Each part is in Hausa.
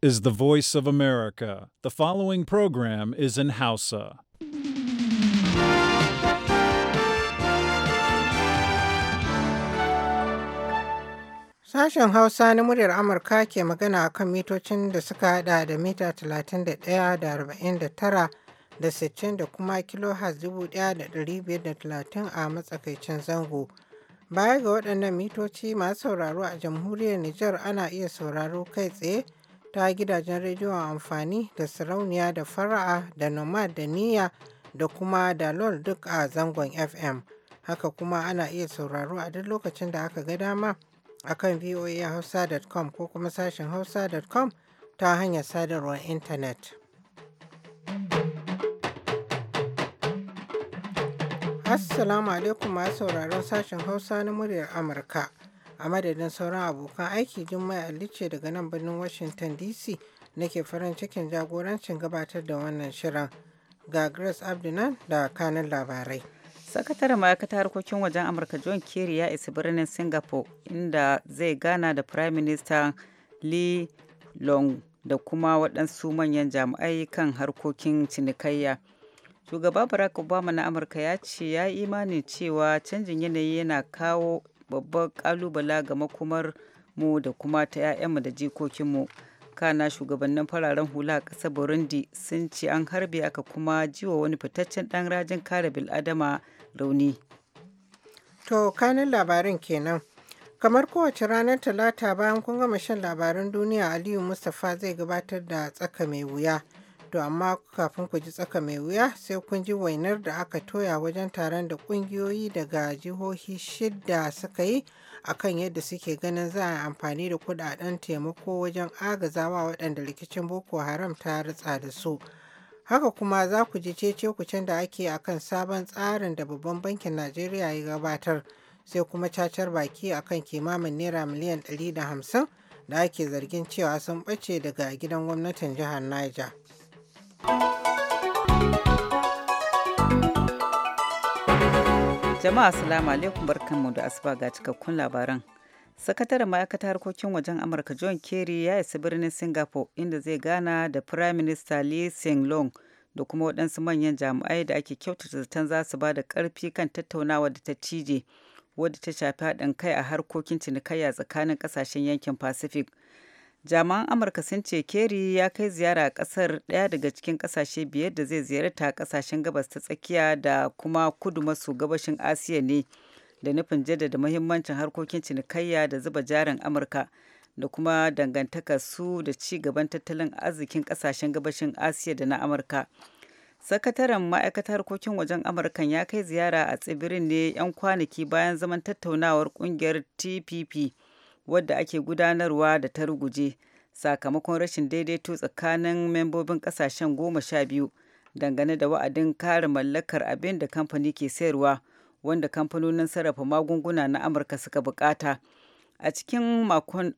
is the voice of America. The following program is in Hausa. Sashen Hausa na muryar Amurka ke magana a kan mitocin da suka hada da mita 31 da 49 da 60 da kuma kilohaz 1530 a matsakaicin zango. Baya ga waɗannan mitoci masu sauraro a jamhuriyar Nijar ana iya sauraro kai tsaye ta gidajen rediyon amfani da sarauniya da fara'a da nomad da niyya da kuma dalol duk a zangon fm haka kuma ana iya sauraro a duk lokacin da aka ga dama akan voahausa.com ko kuma sashen hausa.com ta hanyar sadarwar intanet. Assalamu alaikum masu sauraron sashen Hausa na muryar Amurka. A madadin sauran abokan aiki Jummai Ali ce daga nan birnin Washington DC nake farin cikin jagorancin gabatar da wannan shirin. Ga Grace Abdunan da kanin labarai. Sakataren ma'aikatar harkokin wajen Amurka John Kerry ya isa birnin Singapore inda zai gana da Prime Minister Lee Long da kuma waɗansu manyan jami'ai kan harkokin cinikayya. Shugaba Barack Obama na Amurka ya ce ya imani cewa canjin yanayi yana kawo babbar kalubala ga makomar mu da kuma ta 'ya'yanmu da jikokinmu kana shugabannin fararen hula a ƙasar burundi sun ce an harbe aka kuma jiwa wani fitaccen ɗan rajin kare bil'adama rauni to kanin labarin kenan kamar kowace ranar talata bayan kun gama shan labaran duniya aliyu mustapha zai gabatar da tsaka mai wuya To amma kafin ku ji tsaka mai wuya sai kun ji wainar da aka toya wajen taron da kungiyoyi daga jihohi shida suka yi akan yadda suke ganin za a amfani da kudaden taimako wajen agazawa waɗanda rikicin Boko Haram ta ritsa da su. Haka kuma za ku ji cece kucin da ake akan sabon tsarin da babban bankin Najeriya ya gabatar sai kuma cacar baki akan kimamin naira miliyan 150 da ake zargin cewa sun ɓace daga gidan gwamnatin jihar Niger. Jama'a Assalamu alaikum barkanmu da asuba ga cikakkun labaran. Sakataren ma'aikatar harkokin wajen Amurka John Kerry ya isa birnin Singapore inda zai gana da Prime Minister Lee Hsien long da kuma waɗansu manyan jami'ai da ake kyautata zaton za su ba da ƙarfi kan tattaunawa da ta cije wadda ta shafi haɗin kai a harkokin cinikayya tsakanin ƙasashen yankin Pacific. jami'an amurka sun ce Keri ya kai ziyara kasar daya daga cikin kasashe biyar da zai ziyarta kasashen gabas ta tsakiya da kuma kudu maso gabashin asiya ne da nufin jaddada mahimmancin harkokin cinikayya da zuba jarin amurka da kuma dangantaka su da ci gaban tattalin arzikin kasashen gabashin asiya da na amurka sakataren ma'aikatar harkokin wajen amurkan ya kai ziyara a tsibirin ne 'yan kwanaki bayan zaman tattaunawar kungiyar tpp wadda ake gudanarwa da ta ruguje sakamakon rashin daidaito tsakanin membobin kasashen goma sha biyu dangane da wa'adin kare mallakar abin da kamfani ke sayarwa wanda kamfanonin sarrafa magunguna na amurka suka bukata a cikin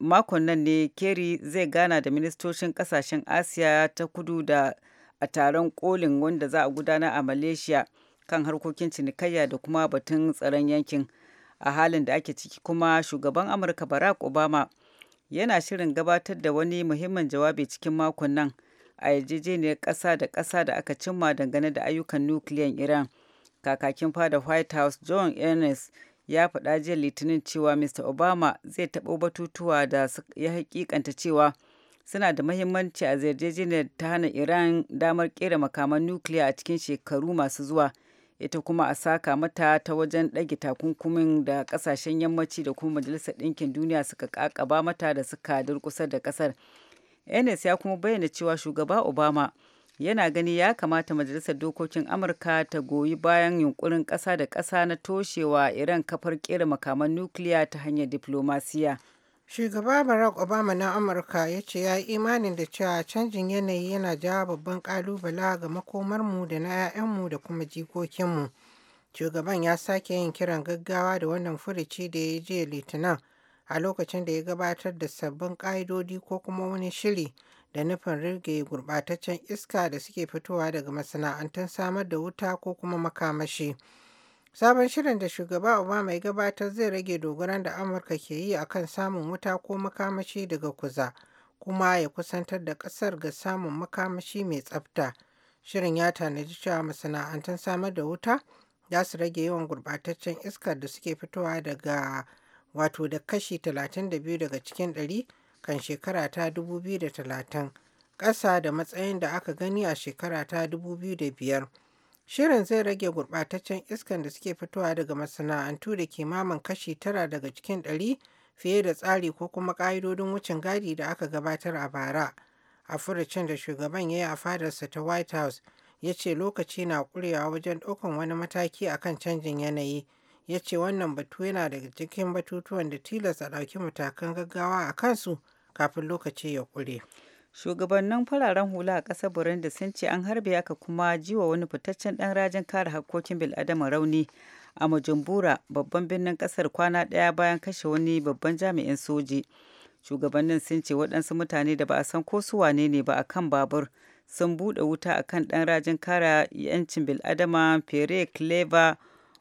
makon nan ne kerry zai gana da ministocin kasashen asiya ta kudu da a taron kolin wanda za a gudana a malaysia kan harkokin cinikayya da kuma batun tsaron yankin a halin da ake ciki kuma shugaban amurka barack obama yana shirin gabatar da wani muhimmin jawabi cikin makon nan a yarjejeniyar ƙasa da ƙasa da aka cimma dangane da ayyukan nukiliyan iran kakakin fada white house john ernest ya faɗa jiya litinin cewa mr obama zai taɓo batutuwa da ya hakikanta cewa suna da mahimmanci a yarjejeniyar ta hana iran damar ƙera makaman nukiliya a cikin shekaru masu zuwa ita kuma a saka mata ta wajen ɗage takunkumin da ƙasashen yammaci da kuma majalisar ɗinkin duniya suka ƙaƙaba mata da suka durƙusar da ƙasar enes ya kuma bayyana cewa shugaba obama yana gani ya kamata majalisar dokokin amurka ta goyi bayan yunkurin ƙasa da ƙasa na toshewa iran kafar ƙera makaman nukiliya ta hanyar diflomasiya. Shugaba Barack Obama na Amurka ya ce ya yi imanin da cewa canjin yanayi yana jawo babban ƙalubala ga makomarmu da na 'ya'yanmu da kuma jikokinmu. Shugaban ya sake yin kiran gaggawa da wannan furuci da ya yi jiya Litinin a lokacin da ya gabatar da sabbin ƙa'idodi ko kuma wani shiri da nufin rirge gurɓataccen iska da suke fitowa daga masana'antun samar da wuta ko kuma makamashi. Sabon shirin da Shugaba Obama ya gabatar zai rage dogaran da Amurka ke yi akan samun wuta ko makamashi daga kuza, kuma ya kusantar da ƙasar ga samun makamashi mai tsafta. Shirin ya tanadi cewa masana'antar samar da wuta za su rage yawan gurbataccen iskar da suke fitowa daga wato da kashi 32 daga cikin 100 kan shekara ta 2030, ƙasa da matsayin da aka gani a shekara ta 2005. Shirin zai rage gurɓataccen iskan da suke fitowa daga masana'antu da kimamin kashi tara daga cikin ɗari fiye da tsari ko kuma ƙa'idodin wucin gadi da aka gabatar a bara. A furucin da shugaban ya yi a fadarsa ta White House ya ce lokaci na ƙurewa wajen ɗaukan wani mataki a kan canjin yanayi. Ya ce wannan batu yana daga cikin batutuwan da tilas a ɗauki matakan gaggawa a kansu kafin lokaci ya ƙure. Shugabannin fararen hula a ƙasar Burundi sun ce an harbe aka kuma jiwa wani fitaccen ɗan rajin kare hakkokin bil'adama rauni a Majumbura babban birnin ƙasar kwana ɗaya bayan kashe wani babban jami'in soji. Shugabannin sun ce waɗansu mutane da ba a san ko su wane ne ba a kan babur sun buɗe wuta a kan ɗan rajin kare 'yancin bil'adama fere Clever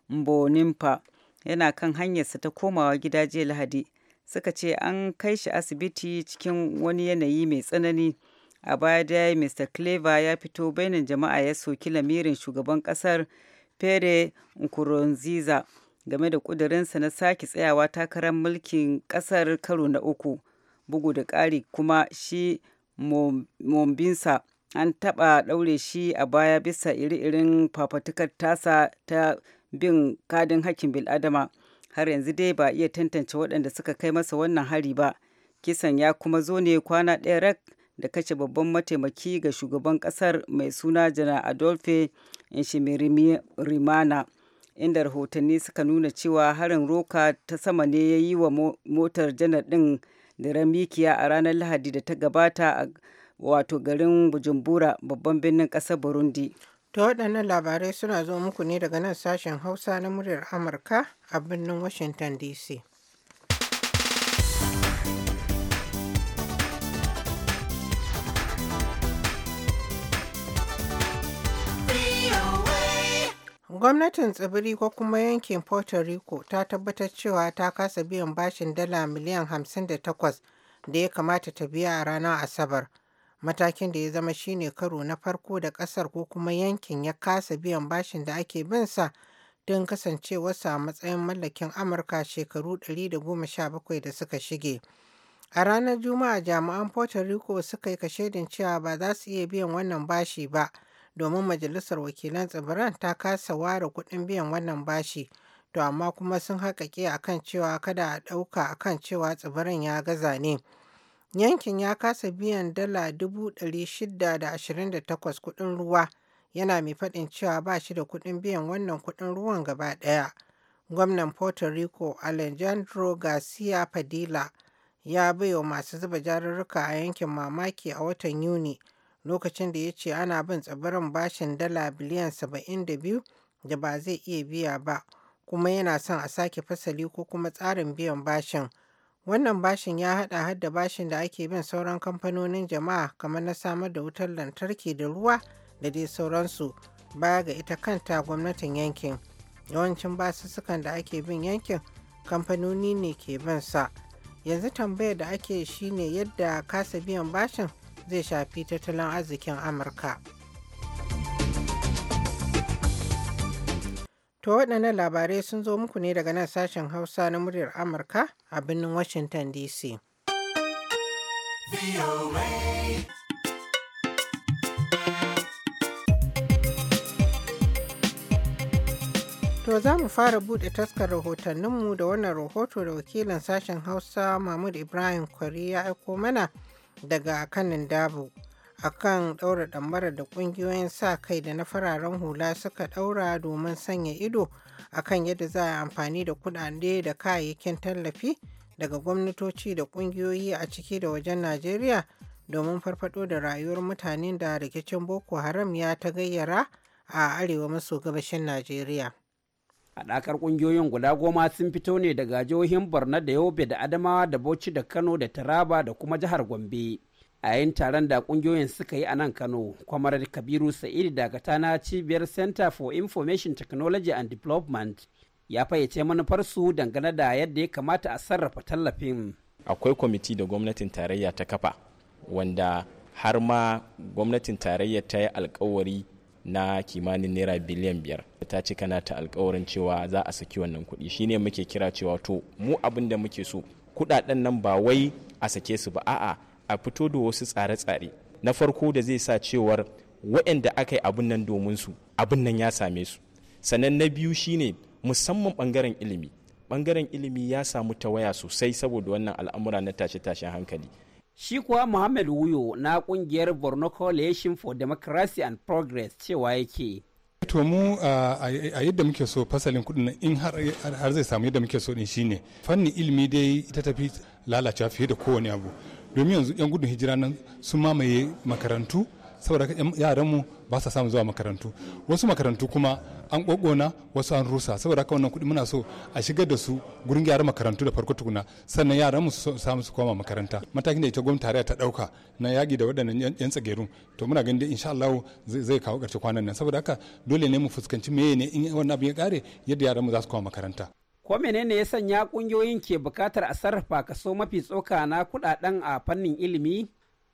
Mbonimpa yana kan hanyarsa ta komawa gida jiya Lahadi. suka ce an kai shi asibiti cikin wani yanayi mai tsanani a baya dai mr clever ya fito bainin jama'a ya soki lamirin shugaban kasar pere nkurunziza game da kudurinsa na sake tsayawa takarar mulkin kasar karo na uku bugu da ƙari kuma shi mombinsa an taɓa ɗaure shi a baya bisa iri-irin fafatukar tasa ta bin kadin hakkin bil'adama har yanzu dai ba iya tantance waɗanda suka kai masa wannan hari ba kisan ya kuma zo ne kwana ɗaya rak da kashe babban mataimaki ga shugaban ƙasar mai suna jana adolphe rimana inda rahotanni suka nuna cewa harin roka ta sama ne ya yi wa motar janar ɗin da ramikiya a ranar lahadi da ta gabata a wato garin bujumbura babban birnin ƙasar burundi Ta waɗannan labarai suna zo muku ne daga nan sashen Hausa na muryar Amurka a birnin Washington DC. Gwamnatin tsibiri ko kuma yankin Puerto Rico ta tabbatar cewa ta kasa biyan bashin dala miliyan 58 da ya kamata ta biya a ranar Asabar. matakin da ya zama shine karo na farko da ƙasar ko kuma yankin ya kasa biyan bashin da ake bin sa don kasancewarsa a matsayin mallakin amurka shekaru 117 da suka shige a ranar juma'a jami'an puerto rico suka yi kashedin cewa ba za su iya biyan wannan bashi ba domin majalisar wakilan tsibiran ta kasa ware kuɗin biyan wannan bashi to amma kuma sun haƙaƙe akan cewa kada a ɗauka akan cewa tsibiran ya gaza ne. Yankin ya kasa biyan dala 628 kuɗin ruwa yana mai faɗin cewa ba shi da kuɗin biyan wannan kuɗin ruwan gaba ɗaya. Gwamnan Puerto Rico Alejandro Garcia Padilla ya baiwa masu zuba jarurruka a yankin mamaki a watan Yuni lokacin da ya ce ana bin tsibirin bashin dala biliyan 72 da ba zai iya biya ba kuma yana son a sake fasali ko kuma tsarin biyan bashin. Wannan bashin ya haɗa har da bashin da ake bin sauran kamfanonin jama'a kamar na samar da wutar lantarki da ruwa da dai sauransu baya ga ita kanta gwamnatin yankin. Yawancin basussukan da ake bin yankin kamfanoni ne ke bin sa. Yanzu tambayar da ake shine yadda kasa biyan bashin zai shafi tattalin arzikin Amurka. To waɗannan labarai sun zo muku ne daga nan sashen Hausa na muryar Amurka a birnin Washington DC. To za mu fara buɗe taskar rahotanninmu da wannan rahoto da wakilin sashen Hausa Mahmud Ibrahim Kwari ya aiko mana daga kanin Dabo. akan ɗaura ɗambara da ƙungiyoyin sa kai da na fararen hula suka ɗaura domin sanya ido akan yadda za a amfani da kuɗaɗe da kayayyakin tallafi daga gwamnatoci da ƙungiyoyi a ciki da wajen Najeriya domin farfaɗo da rayuwar mutanen da rikicin Boko Haram ya ta gayyara a arewa maso gabashin Najeriya. haɗakar ƙungiyoyin guda goma sun fito ne daga jihohin borno da yobe da adamawa da bauchi da kano da taraba da kuma jihar gombe a yayin taron da kungiyoyin suka yi a nan kano kwamar kabiru sa'idu dakata na cibiyar center for information technology and development ya fayyace su dangane da yadda ya kamata a sarrafa tallafin akwai kwamiti da gwamnatin tarayya ta kafa wanda har ma gwamnatin tarayya ta yi alkawari na kimanin naira biliyan biyar ta cika nata alkawarin cewa za a saki wannan kuɗi shine muke kira cewa to mu abin da muke so kuɗaɗen nan ba wai a sake su ba a'a a fito da wasu tsare-tsare na farko da zai sa cewar waɗanda aka yi abin nan domin su abin nan ya same su sannan na biyu shine musamman ɓangaren ilimi ɓangaren ilimi ya samu ta waya sosai saboda wannan al'amura na tashe-tashen hankali Shi kuwa Muhammad Wuyo na kungiyar Borno Coalition for Democracy and Progress cewa yake. To mu a yadda muke so fasalin kudin in har zai samu yadda muke so din shine fannin ilimi dai ita tafi lalacewa fiye da kowane abu. domin yanzu 'yan gudun hijira nan sun mamaye makarantu saboda yaranmu ba sa samu zuwa makarantu wasu makarantu kuma an kokona wasu an rusa saboda haka wannan kuɗi muna so a shigar da su gurin gyara makarantu da farko tukuna sannan yaran mu su samu su koma makaranta matakin da ita gwamnati tare ta ɗauka na yaƙi da waɗannan yan tsagerun to muna ganin insha Allah zai kawo ƙarshe kwanan nan saboda haka dole ne mu fuskanci meye ne in wannan abin ya kare yadda yaran yaranmu za su koma makaranta Ko menene ya sanya kungiyoyin ke bukatar a sarrafa kaso mafi tsoka na kudaden a fannin ilimi?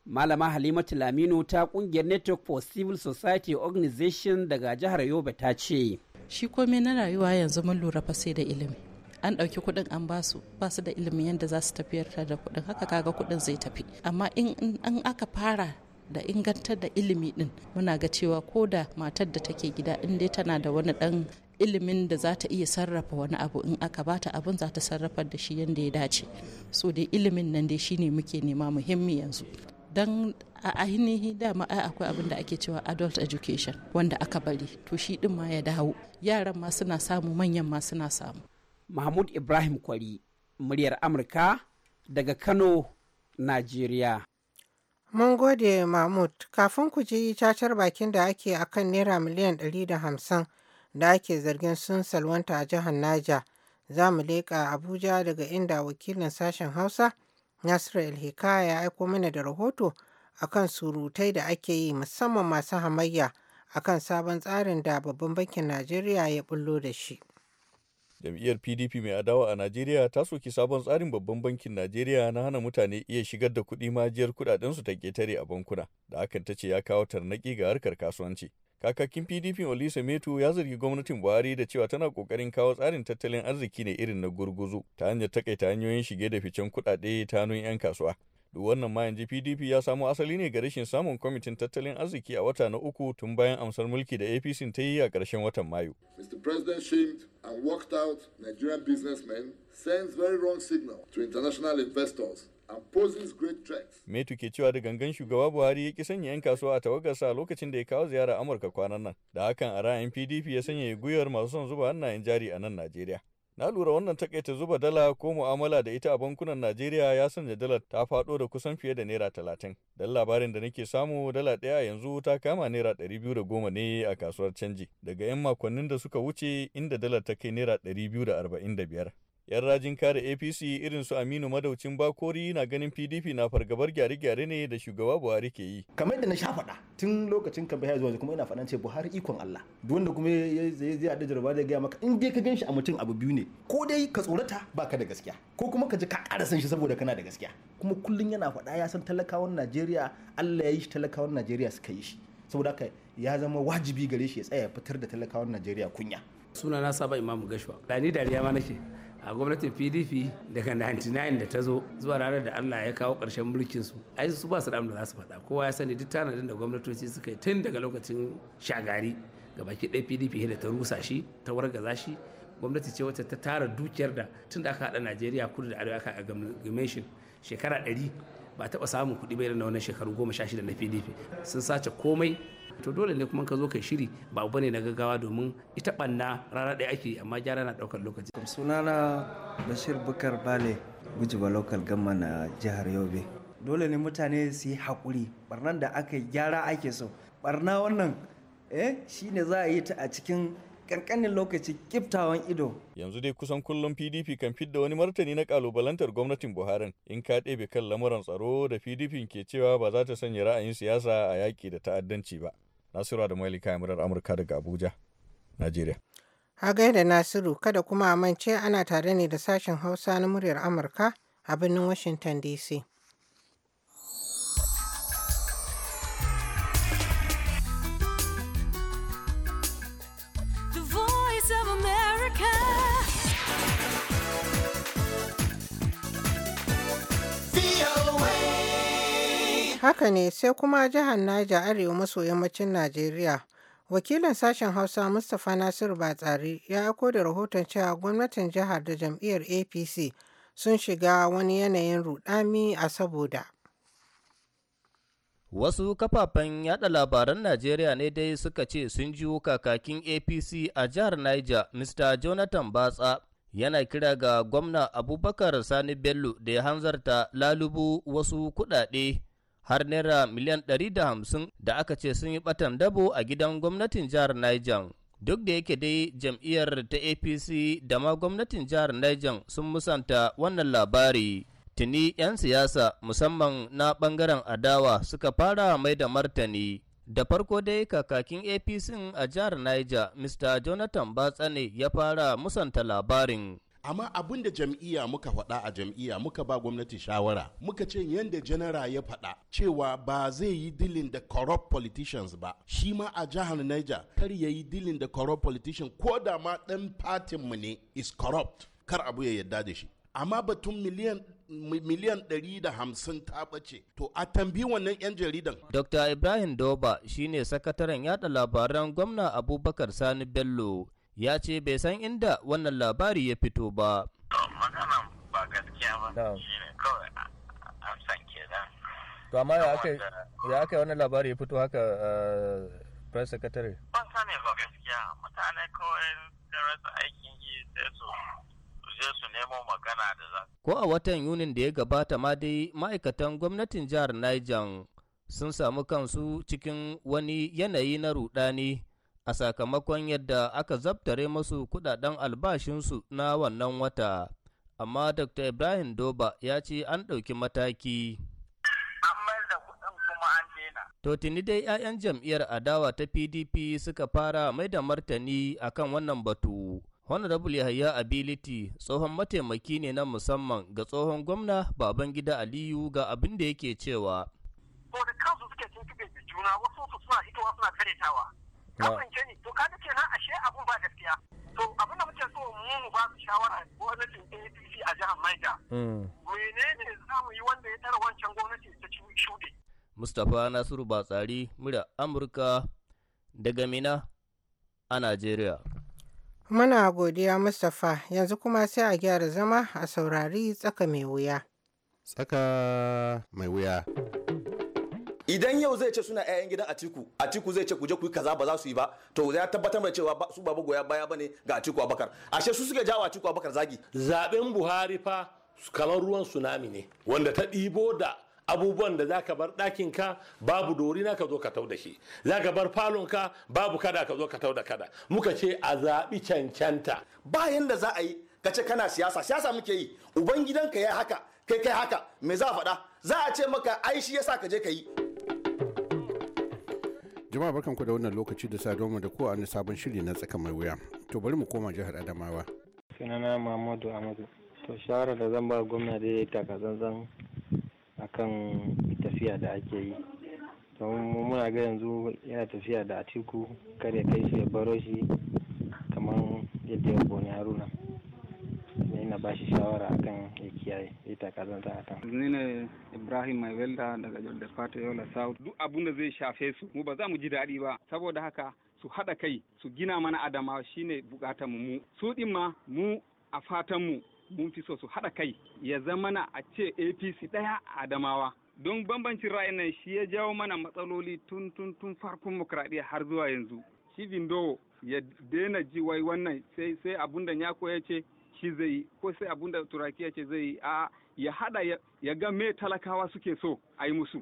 Malama Halimatu Laminu ta kungiyar Network for Civil Society Organization daga jihar Yobe ta ce. Shi kome na rayuwa yanzu mun lura fa sai da ilimi. An ɗauki kuɗin an basu basu da ilimi yadda za su tafiyar da kuɗin haka kaga kuɗin zai tafi. Amma in an aka fara da ingantar da ilimi ɗin muna ga cewa ko da matar da take gida in dai tana da wani dan ilimin da za ta iya sarrafa wani abu in aka bata abin za ta sarrafa da shi yadda ya dace so dai ilimin nan dai shine muke nema muhimmi yanzu don a ainihi dama ai akwai abin da ake cewa adult education wanda aka bari to shi din ma ya dawo yaran ma suna samu manyan ma suna samu mahmud ibrahim kwari muryar amurka daga kano najeriya mun gode mahmud kafin ku ji cacar bakin da ake akan naira miliyan 150 da ake zargin sun salwanta a jihar naja Za mu leƙa Abuja daga inda wakilin sashen Hausa Nasiru hikaya ya aiko mana da rahoto akan surutai da ake yi musamman masu hamayya akan sabon tsarin da babban bankin Najeriya ya bullo da shi. jam'iyyar pdp mai adawa a najeriya ta soki sabon tsarin babban bankin najeriya na hana mutane iya shigar da kuɗi majiyar kuɗaɗensu ta ƙetare a bankuna da hakan ta ce ya kawo tarnaki ga harkar kasuwanci Kakakin PDP Olise Metu ya zargi gwamnatin Buhari da cewa tana kokarin kawo tsarin tattalin arziki ne irin na gurguzu ta hanyar takaita hanyoyin shige da ficen kuɗaɗe ta hannun 'yan kasuwa. Duk wannan ma yanzu PDP ya samo asali ne ga rashin samun kwamitin tattalin arziki a wata na uku tun bayan amsar mulki da APC ta yi a ƙarshen watan Mayu. Mr. President shamed and walked out Nigerian businessmen sends very wrong signal to international investors Metu ke cewa da gangan shugaba Buhari ya ki sanya 'yan kasuwa a tawagarsa lokacin da ya kawo ziyara Amurka kwanan nan, da hakan a ra'ayin PDP ya sanya guyar masu son zuba hannayen jari a nan Najeriya. Na lura wannan takaita zuba dala ko mu'amala da ita a bankunan Najeriya ya sanya dalar ta faɗo da kusan fiye da naira talatin. Dan labarin da nake samu dala ɗaya yanzu ta kama naira ɗari biyu da goma ne a kasuwar canji daga 'yan makonnin da suka wuce inda dalar ta kai naira ɗari biyu da arba'in da biyar. 'Yan rajin kare APC irin su Aminu Madaucin Bakori na ganin PDP na fargabar gyare-gyare ne da shugaba Buhari ke yi. Kamar da na sha faɗa tun lokacin ka bai zuwa kuma ina faɗan ce Buhari ikon Allah. Duk wanda kuma ya zai da jarba da gaya maka in dai ka ganshi a mutum abu biyu ne ko dai ka tsorata ba ka da gaskiya ko kuma ka ji ka ƙara san shi saboda kana da gaskiya. Kuma kullum yana faɗa ya san talakawan Najeriya Allah ya yi shi talakawan Najeriya suka yi shi. Saboda haka ya zama wajibi gare shi ya tsaya fitar da talakawan Najeriya kunya. Suna saba imamu Gashwa. Da ni dariya ma nake. a gwamnatin pdp daga 99 da ta zo zuwa ranar da allah ya kawo ƙarshen mulkin su ai su ba su da za su faɗa kowa ya sani duk tanadin da gwamnatoci suka yi tun daga lokacin shagari gabaki ɗaya pdp da ta rusa shi ta wargaza shi gwamnati ce wata ta tara dukiyar da tun da aka haɗa najeriya kudu da arewa aka game shekara ɗari ba taɓa samun kuɗi bai na wannan shekaru goma sha shida na pdp sun sace komai to dole ne kuma ka zo kai shiri ba ne na gaggawa domin ita banna rana ɗaya ake amma gyara na ɗaukar lokaci. sunana bashir bukar bale gujiba local gama na jihar yobe dole ne mutane su yi haƙuri barnan da aka gyara ake so barna wannan eh shine za a yi ta a cikin kankanin lokaci kiftawan ido. Yanzu dai kusan kullum PDP kan fidda wani martani na kalubalantar gwamnatin Buhari in ka ɗebe kan lamuran tsaro da PDP ke cewa ba za ta sanya ra'ayin siyasa a yaƙi da ta'addanci ba. Nasiru da Mailika murar Amurka daga Abuja, Najeriya. Hagai da Nasiru kada kuma a mance ana tare ne da sashen Hausa na muryar Amurka a birnin Washington DC. Haka ne sai kuma jihar Niger Arewa maso yammacin Najeriya. Wakilin sashen Hausa Mustapha Nasiru Batsari ya aiko da rahoton cewa gwamnatin jihar da jam'iyyar APC sun shiga wani yanayin rudami a saboda. Wasu kafafen yada labaran Najeriya ne dai suka ce sun jiwo kakakin APC a jihar Niger, Mr. Jonathan Batsa, yana kira ga gwamna Abubakar Sani Bello da ya hanzarta lalubu wasu kudade. har naira miliyan 150 da aka ce sun yi batan dabo a gidan gwamnatin jihar Niger. Duk da yake dai jam'iyyar ta APC da ma gwamnatin jihar Niger sun musanta wannan labari. Tuni 'yan siyasa musamman na bangaren adawa suka fara mai da martani. Da farko dai kakakin APC a jihar Niger, Mr. Jonathan Batsane ya fara musanta labarin. amma abin da jam'iyya muka faɗa a jam'iyya muka ba gwamnati shawara muka ce yadda janara ya faɗa cewa ba zai yi dilin da corrupt politicians ba shi ma a jihar Niger kar ya yi dilin da corrupt politician ko da ma ɗan fatin mu ne is corrupt kar abu ya yadda da shi amma batun miliyan miliyan hamsin ta bace to a tambi wannan 'yan jaridan. Dr. Ibrahim Doba shine sakataren yada labaran gwamna Abubakar Sani Bello ya ce bai san inda wannan labari ya fito ba. Maganan ba gaskiya ba shi ne kawai amsan kenan. To amma ya aka ya aka wannan labari ya fito haka eh, press secretary. Ban sani ba gaskiya mutane kawai da rasa aikin yi sai su su nemo magana da za. Ko a watan Yunin da ya gabata ma dai ma'aikatan gwamnatin jihar Niger sun samu kansu cikin wani yanayi na rudani a sakamakon yadda aka zabtare masu kudaden albashinsu na wannan wata. Amma Dr. Ibrahim Doba ya ce an ɗauki mataki. To tuni dai 'ya'yan jam'iyyar adawa ta PDP suka fara mai da martani a kan wannan batu. Honorable Yahaya Ability tsohon mataimaki ne na musamman ga tsohon gwamna Babangida Aliyu ga abin da yake cewa. To da kansu suke cin juna wasu su suna hitowa suna karetawa. ka ni to kaga kenan ashe abun ba gaskiya to abin muke so mu mu ba su shawara gwamnatin APC a jihar Maida hmm. menene za mu yi wanda ya tara wancan gwamnati ta shuɗe Mustapha Nasiru Batsari a Amurka daga Mina a Najeriya Muna godiya Mustapha yanzu kuma sai a gyara zama a saurari tsaka mai wuya. Tsaka mai wuya. idan yau zai ce suna 'ya'yan gidan atiku atiku zai ce kuje je ku yi kaza ba za su yi ba to ya tabbatar da cewa su ba goya baya bane ga atiku abakar ashe su suke jawo atiku abakar zagi zaben buhari fa kamar ruwan tsunami ne wanda ta ɗibo da abubuwan da zaka bar ɗakin ka babu dori na ka zo ka tau shi zaka bar falon ka babu kada ka zo ka tauda kada muka ce a zaɓi cancanta bayan da za a yi ka ce kana siyasa siyasa muke yi ubangidanka ya haka kai kai haka me za a faɗa za a ce maka ai shi yasa ka je ka yi jama'a barkanku da wannan lokaci da domin da ko a wani sabon shiri na tsaka mai wuya to bari mu koma jihar adamawa sunana mahmudu amadu to shawarar da zan ba gwamna da ya yi taka zanzan kan tafiya da ake yi don muna ga yanzu yana tafiya da atiku kare ya kai shi ya baro shi kamar yadda ya boni haruna na bashi shawara akan ya kiyaye ya taka a ta. zan ne Ibrahim Mai Welda daga Jolde yau Yola South. Duk abun da zai shafe su mu ba za mu ji daɗi ba saboda haka su haɗa kai su gina mana adama shine bukatar mu. Su ɗin ma mu a fatan mu mun fi so su haɗa kai ya zama na a ce APC ɗaya Adamawa. Don bambancin ra'ayin nan shi ya jawo mana matsaloli tun tun tun farkon demokradiyya har zuwa yanzu. Shi do ya daina ji wai wannan sai sai abun da ya ce shi zai ko sai abun da turaki ya ce zai yi a ya hada ya ga me talakawa suke so a yi musu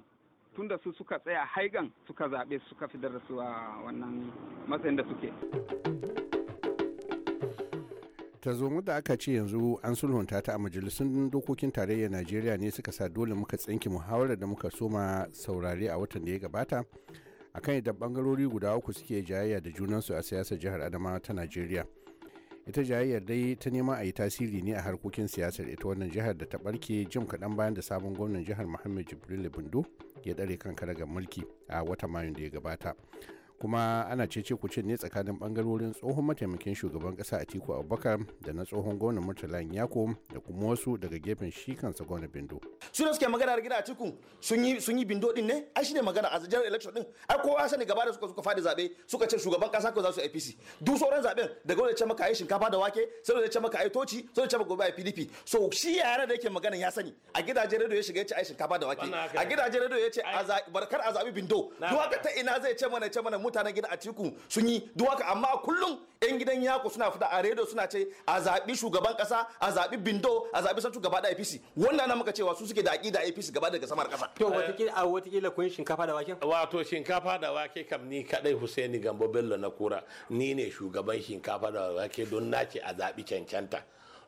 tunda su suka tsaya haigan suka zaɓe suka fi da su a wannan matsayin da suke. tarzoma da aka ce yanzu an sulhunta ta a majalisun dokokin tarayyar najeriya ne suka sa dole muka tsinki muhawarar da muka soma saurare a watan da ya gabata akan yadda bangarori guda uku suke jayayya da junansu a siyasar jihar adamawa ta najeriya ita jayayyar dai ta nema a yi tasiri ne a harkokin siyasar ita wannan jihar da ta barke jim kaɗan bayan da sabon gwamnan jihar muhammad jibril bindo ya ɗare kan karagar mulki a watan mayun da ya gabata kuma ana cece ku ce ne tsakanin bangarorin tsohon mataimakin shugaban kasa a atiku abubakar da na tsohon gwamnan murtala yako da kuma wasu daga gefen shi kansa gwamnan bindo su da suke magana gida atiku sun yi sun yi bindo din ne ai shine magana a zajen election din ai kowa sani gaba da suka suka fadi zabe suka ce shugaban kasa ko za su APC duk sauran zaben da gwamnan ce maka ai shinkafa da wake sai da ce maka ai toci sai da ce maka gobe ai PDP so shi yana da yake magana ya sani a gidajen radio ya shiga ya ce ai shinkafa da wake a gidajen radio ya ce a zabi bindo duk haka ta ina zai ce mana ce mana mutanen gida a Atiku sun yi duwaka amma kullum yan gidan Yako suna fita a rediyo suna ce a zaɓi shugaban ƙasa a zaɓi Bindo a zaɓi santu gaba da APC wannan na muka cewa su suke da aƙida APC gaba daga samar ƙasa to watakila a watakila kun shinkafa da wake wato shinkafa da wake kam ni kadai Husaini Gambo Bello na kura ni ne shugaban shinkafa da wake don nace a zaɓi cancanta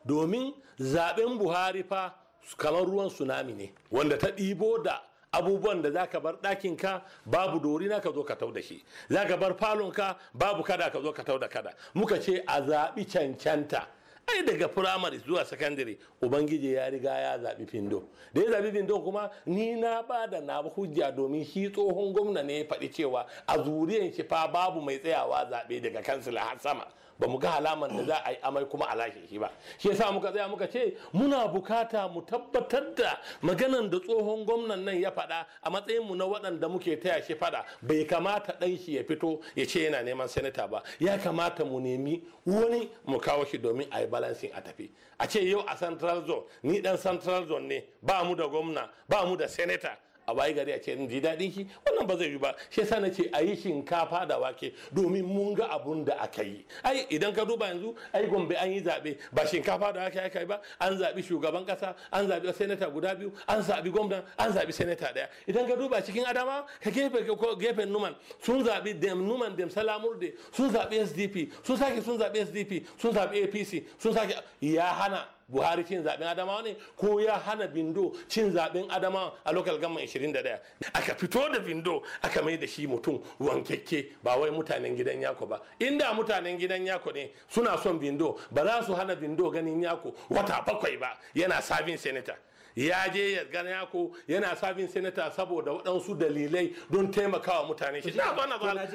domin zaɓen Buhari fa kamar ruwan tsunami ne wanda ta ɗibo da abubuwan da za ka bar ɗakin ka babu dorina ka zo ka tau da shi zaka bar falon ka babu kada ka zo ka tau da kada muka ce a zaɓi cancanta ai daga firamare zuwa sakandare ubangiji ya riga ya zaɓi findo da ya zaɓi findo kuma ni na ba da na hujja domin shi tsohon gwamna ne ya faɗi cewa a zuriyar shi fa babu mai tsayawa zaɓe daga kansila har sama ba mu ga alaman da za a yi amai kuma a lashe shi ba shi yasa muka tsaya muka ce muna bukata mu tabbatar da maganan da tsohon gwamnan nan ya faɗa a matsayin mu na waɗanda muke taya shi faɗa bai kamata ɗan shi ya fito ya ce yana neman sanata ba ya kamata mu nemi wani mu kawo shi domin a yi balancing a tafi a ce yau a central zone ni dan central zone ne ba mu da gwamna ba mu da senator a waye gari a ce ji daɗin shi wannan ba zai yi ba shi yasa ce a yi shinkafa da wake domin mun ga abun da aka yi ai idan ka duba yanzu ai gombe an yi zaɓe ba shinkafa da wake aka yi ba an zaɓi shugaban kasa. an zaɓi senata guda biyu an zaɓi gwamna an zaɓi senata ɗaya idan ka duba cikin adama ka gefe gefen numan sun zaɓi dem numan dem salamurde sun zaɓi sdp sun sake sun zaɓi sdp sun zaɓi apc sun sake ya hana buhari cin zaben adamawa ne ko ya hana bindo cin zaben adamawa a local government 21 aka fito da bindo aka mai da shi mutum wankeke. ba wai mutanen gidan yako ba inda mutanen gidan yako ne suna son bindo ba za su hana bindo ganin yako wata bakwai ba yana sabin senator ya je ya gana yako yana sabin senator saboda waɗansu dalilai don taimakawa mutane shi na ba na ba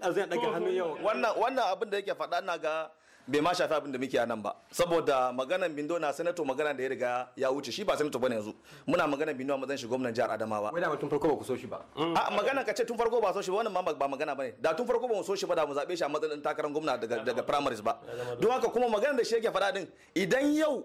a zai daga hannu yau wannan abin da yake faɗa na ga bai ma shafi abin da muke nan ba saboda maganan bindo na sanato magana da ya riga ya wuce shi ba sanato bane yanzu muna magana bindo a mazan shi gwamnan jihar adamawa wai da tun farko ba ku so shi ba mm. a magana ka ce tun farko ba so shi ba wannan ma ba magana bane da tun farko ba mu so shi ba da mu zabe shi a matsayin takarar gwamna daga daga primaries ba don haka kuma magana da shi yake faɗa din idan yau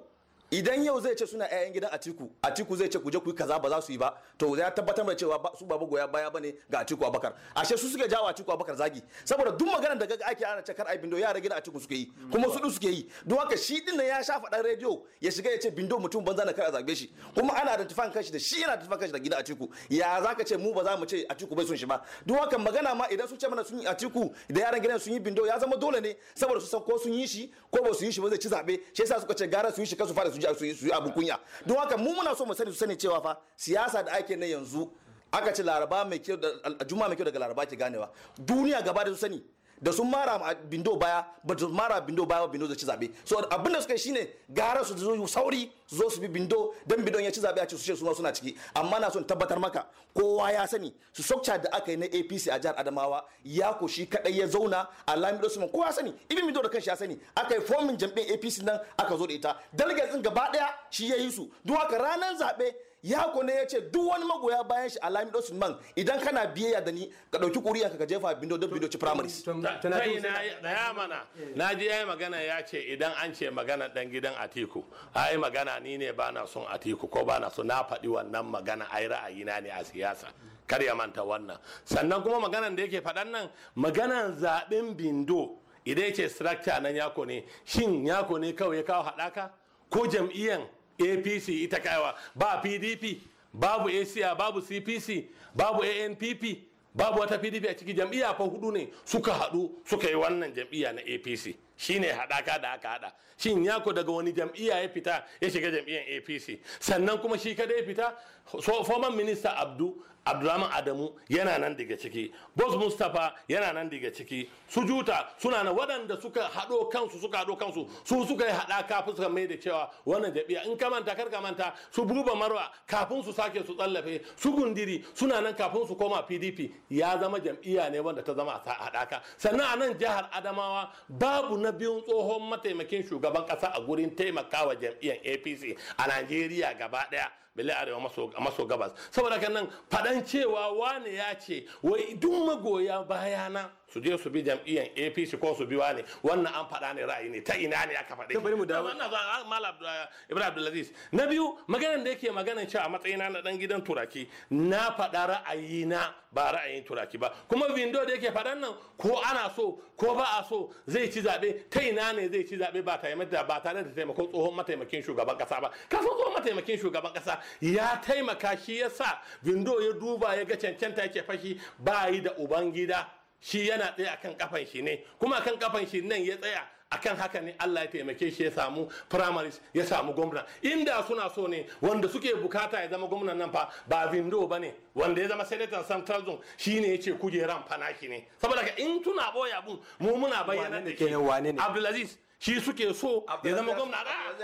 idan yau zai ce suna 'ya'yan gidan atiku atiku zai ce kuje ku yi kaza ba za su yi ba to ya tabbatar da cewa su babu goya baya bane ga atiku abakar ashe su suke jawo atiku abakar zagi saboda duk maganar da ake ana ce kar ai bindo yara gidan atiku suke yi kuma su suke yi don haka shi din ya sha faɗan rediyo ya shiga ya ce bindo mutum banza na kar a zage shi kuma ana da tufan kanshi da shi yana tufan kanshi da gidan atiku ya zaka ce mu ba za mu ce atiku bai son shi ba don haka magana ma idan su ce mana sun yi atiku da yaran gidan sun yi bindo ya zama dole ne saboda su san ko sun yi shi ko ba su yi shi ba zai ci zabe shi yasa suka ce gara su yi shi kasu fara su su yi abin kunya don haka mu muna so mu sani su sani cewa fa siyasa da ake na yanzu aka ce laraba mai kyau da juma mai kyau daga laraba ke ganewa duniya gaba da su sani da sun mara bindo baya ba su mara bindo baya ba bindo zai ci zabe so abin da suka yi shine gara su zo sauri su zo su bi bindo dan bindo ya ci zabe a ci su ce suna suna ciki amma na son tabbatar maka kowa ya sani su sokca da aka yi na APC a jihar Adamawa ya ko shi kadai ya zauna a Lamido su kowa sani ibin bindo da kanshi ya sani aka yi fomin jam'iyyar APC nan aka zo da ita delegates din gaba ɗaya shi ya yi su duk haka ranar zaɓe. ya ne ya ce duk wani magoya bayan shi lami da Usman idan kana biyayya da ni ka ɗauki kuriya ka jefa bindo da bindo ci primaries na mana eh. na ji yayi magana ya ce idan an ce magana ɗan gidan Atiku ai magana ni ne ba na son Atiku ko ba na so na faɗi wannan magana ai ra'ayi na ne a siyasa kar ya manta wannan sannan kuma maganan da yake faɗan nan maganan zaɓen bindo idan ya ce structure nan yako ne shin yako ne kawai ya kawo haɗaka ko jam'iyyan apc ita kaiwa ba pdp babu acr babu cpc babu anpp babu wata pdp a ciki jam'iyya fa hudu ne suka hadu suka yi wannan jam'iyya na apc shine hadaka da aka hada shin yako daga wani jam'iyya ya fita ya shiga jam'iyyar apc sannan kuma shi kada ya fita so former minister abdu abdulrahman adamu yana nan daga ciki bos mustapha yana nan daga ciki su juta suna na waɗanda suka haɗo kansu suka haɗo kansu su suka yi haɗa kafin suka mai da cewa wannan jabiya in ka manta kar ka manta su buba marwa kafin su sake su tsallafe su gundiri suna nan kafin su koma pdp ya zama jam'iyya ne wanda ta zama a haɗaka sannan a nan jihar adamawa babu na biyun tsohon mataimakin shugaban ƙasa a gurin taimakawa jam'iyyar apc a najeriya gaba ɗaya bele arewa maso gabas saboda kan nan faɗan cewa wane ya ce wai duk magoya bayana su je su bi jam'iyyar apc ko su bi wani wannan an faɗa ne ra'ayi ne ta ina ne aka faɗi ne mu dawo wannan zuwa ah, mala ah, ibrahim abdulaziz na biyu maganar da yake maganar cewa a matsayina na dan gidan turaki na faɗa ra'ayi na ba ra'ayin turaki ba kuma window da yake faɗan nan ko ana so ko ba a so zai ci zaɓe ta ina ne zai ci zaɓe ba tare da ba tare da taimakon tsohon mataimakin shugaban kasa ba kafin tsohon mataimakin shugaban kasa ya taimaka shi yasa window ya duba ya ga cancanta yake fashi ba yi da ubangida shi yana tsaye akan kafan shi ne kuma akan kafan shi nan ya tsaya akan haka ne Allah ya taimake shi ya samu primaries ya samu gwamna inda suna so ne wanda suke bukata ya zama gwamnan nan fa ba vindo ba ne wanda ya zama senator central zone shi ne ya ce kujeran fanaki ne saboda in tuna boya bun mu muna bayyana da ke abdulaziz shi suke so ya zama gwamna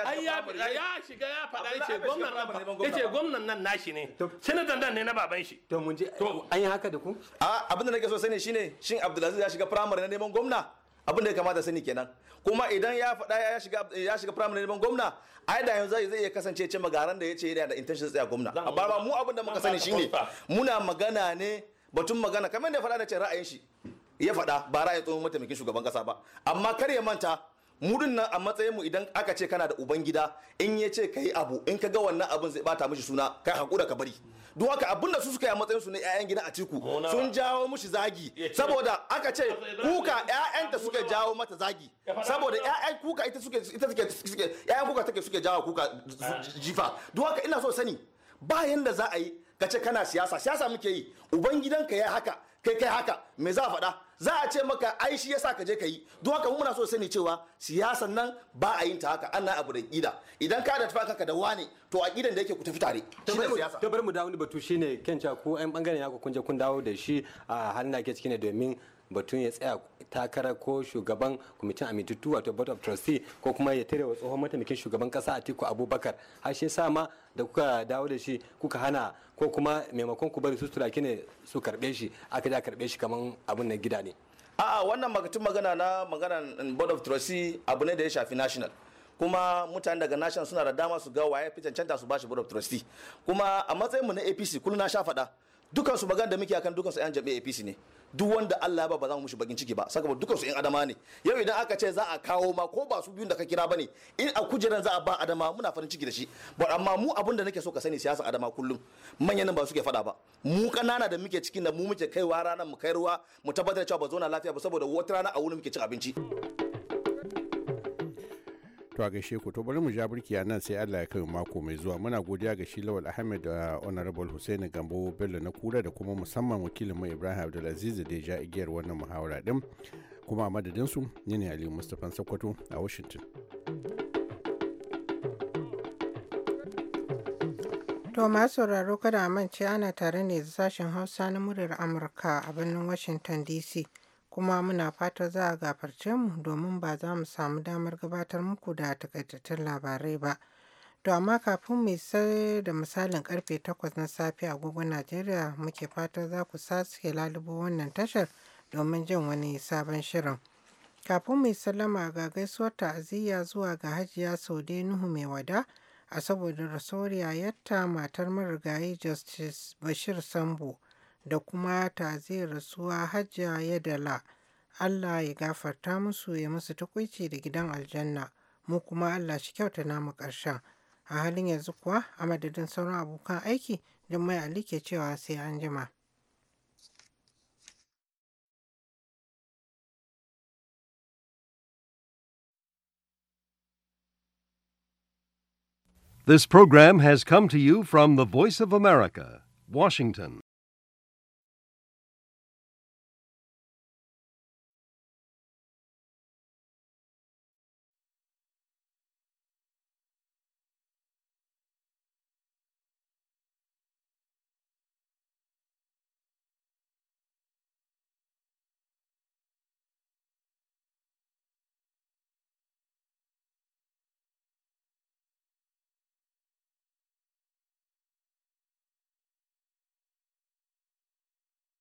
ai ya shiga ya fada ya ce gwamnan nan ya ce gwamnan nan nashi ne sanatan nan ne na baban shi to mun je an yi haka da ku a abin da nake so sani shine shin Abdulaziz ya shiga primary na neman gwamna abin da ya kamata sani kenan kuma idan ya faɗa ya shiga ya shiga primary neman gwamna ai da yanzu zai iya kasance cewa garan da yace yana da intention tsaya gwamna amma ba mu abin da muka sani shine muna magana ne batun magana kamar da ya faɗa da ce ra'ayin shi ya faɗa ba ra'ayin tsohon mataimakin shugaban kasa ba amma kar ya manta mudun nan a matsayin mu idan aka ce kana da ubangida in ya ce kai abu in ka ga wannan abin zai bata mishi suna kai hakura ka bari duk haka abin da su suka yi a matsayin su na ƴaƴan a ciku sun jawo mishi zagi saboda aka ce kuka ƴaƴanta suke jawo mata zagi saboda ƴaƴan kuka ita suke ita suke ƴaƴan kuka take suke jawo kuka jifa duk haka ina so sani ba yanda za a yi ka ce kana siyasa siyasa muke yi ubangidanka ya haka kai kai haka me za a faɗa za a ce maka ai shi yasa ka je ka yi don haka muna so sani cewa siyasan nan ba a yin ta haka ana abu da kida idan ka da tafi kanka da wani to a ƙidan da yake ku tafi tare ta bar mu dawo ni batu shine kyanca ko ɗan bangaren ku kun je kun dawo da shi a halin da ke ciki ne domin batun ya tsaya takara ko shugaban kwamitin amintattu wato board of trustee ko kuma ya tare wa tsohon mataimakin shugaban kasa Atiku Abubakar har shi sa ma da kuka dawo da shi kuka hana ko kuma maimakon ku bari su turaki ne su karbe shi aka da karbe shi kaman abun nan gida ne a'a wannan magatun magana na maganan board of trustee abu ne da ya shafi national kuma mutane daga national suna da dama su ga waye fi cancanta su bashi board of trustee kuma a matsayin mu na APC kullum na sha faɗa dukansu magana da muke akan dukansu 'yan jam'iyyar APC ne duk wanda Allah ba ba za mu mushi bakin ciki ba saboda dukan su in adama ne yau idan aka ce za a kawo ma ko ba su biyun da ka kira bane in a kujeran za a ba adama muna farin ciki da shi ba amma mu abun da nake so ka sani siyasa adama kullum manyan nan ba suke faɗa ba mu kanana da muke cikin da mu muke kaiwa ranar mu kai ruwa mu tabbatar cewa ba zo na lafiya ba saboda wata rana a wuni muke cin abinci to a gaishe ku to bari mu ja burki a nan sai Allah ya kai mako mai zuwa muna godiya ga shi Lawal Ahmed da Honorable Hussein Gambo Bello na Kura da kuma musamman wakilin mu Ibrahim Abdulaziz da ja igiyar wannan muhawara din kuma a madadin su ni ne Ali Mustapha Sokoto a Washington To masu sauraro kada a mance ana tare ne da sashen Hausa na muryar Amurka a birnin Washington DC. kuma muna fata za a gafarce mu domin ba za mu samu damar gabatar muku da takaitattun labarai ba. To amma kafin mu sai da misalin karfe 8 na safe agogon Najeriya muke fata za ku sake lalubo wannan tashar domin jin wani sabon shirin. Kafin mu sallama ga gaisuwar ta'aziyya zuwa ga Hajiya Saude Nuhu mai wada a saboda rasoriya yatta matar marigayi Justice Bashir Sambo. da kuma zai rasuwa hajja ya dala Allah ya gafarta musu ya musu tukuici da gidan aljanna mu kuma Allah shi kyauta namu ƙarshen. A halin yanzu kuwa a madadin sauran abokan aiki Jummai Ali ke cewa sai an jima. This program has come to you from the Voice of America, Washington.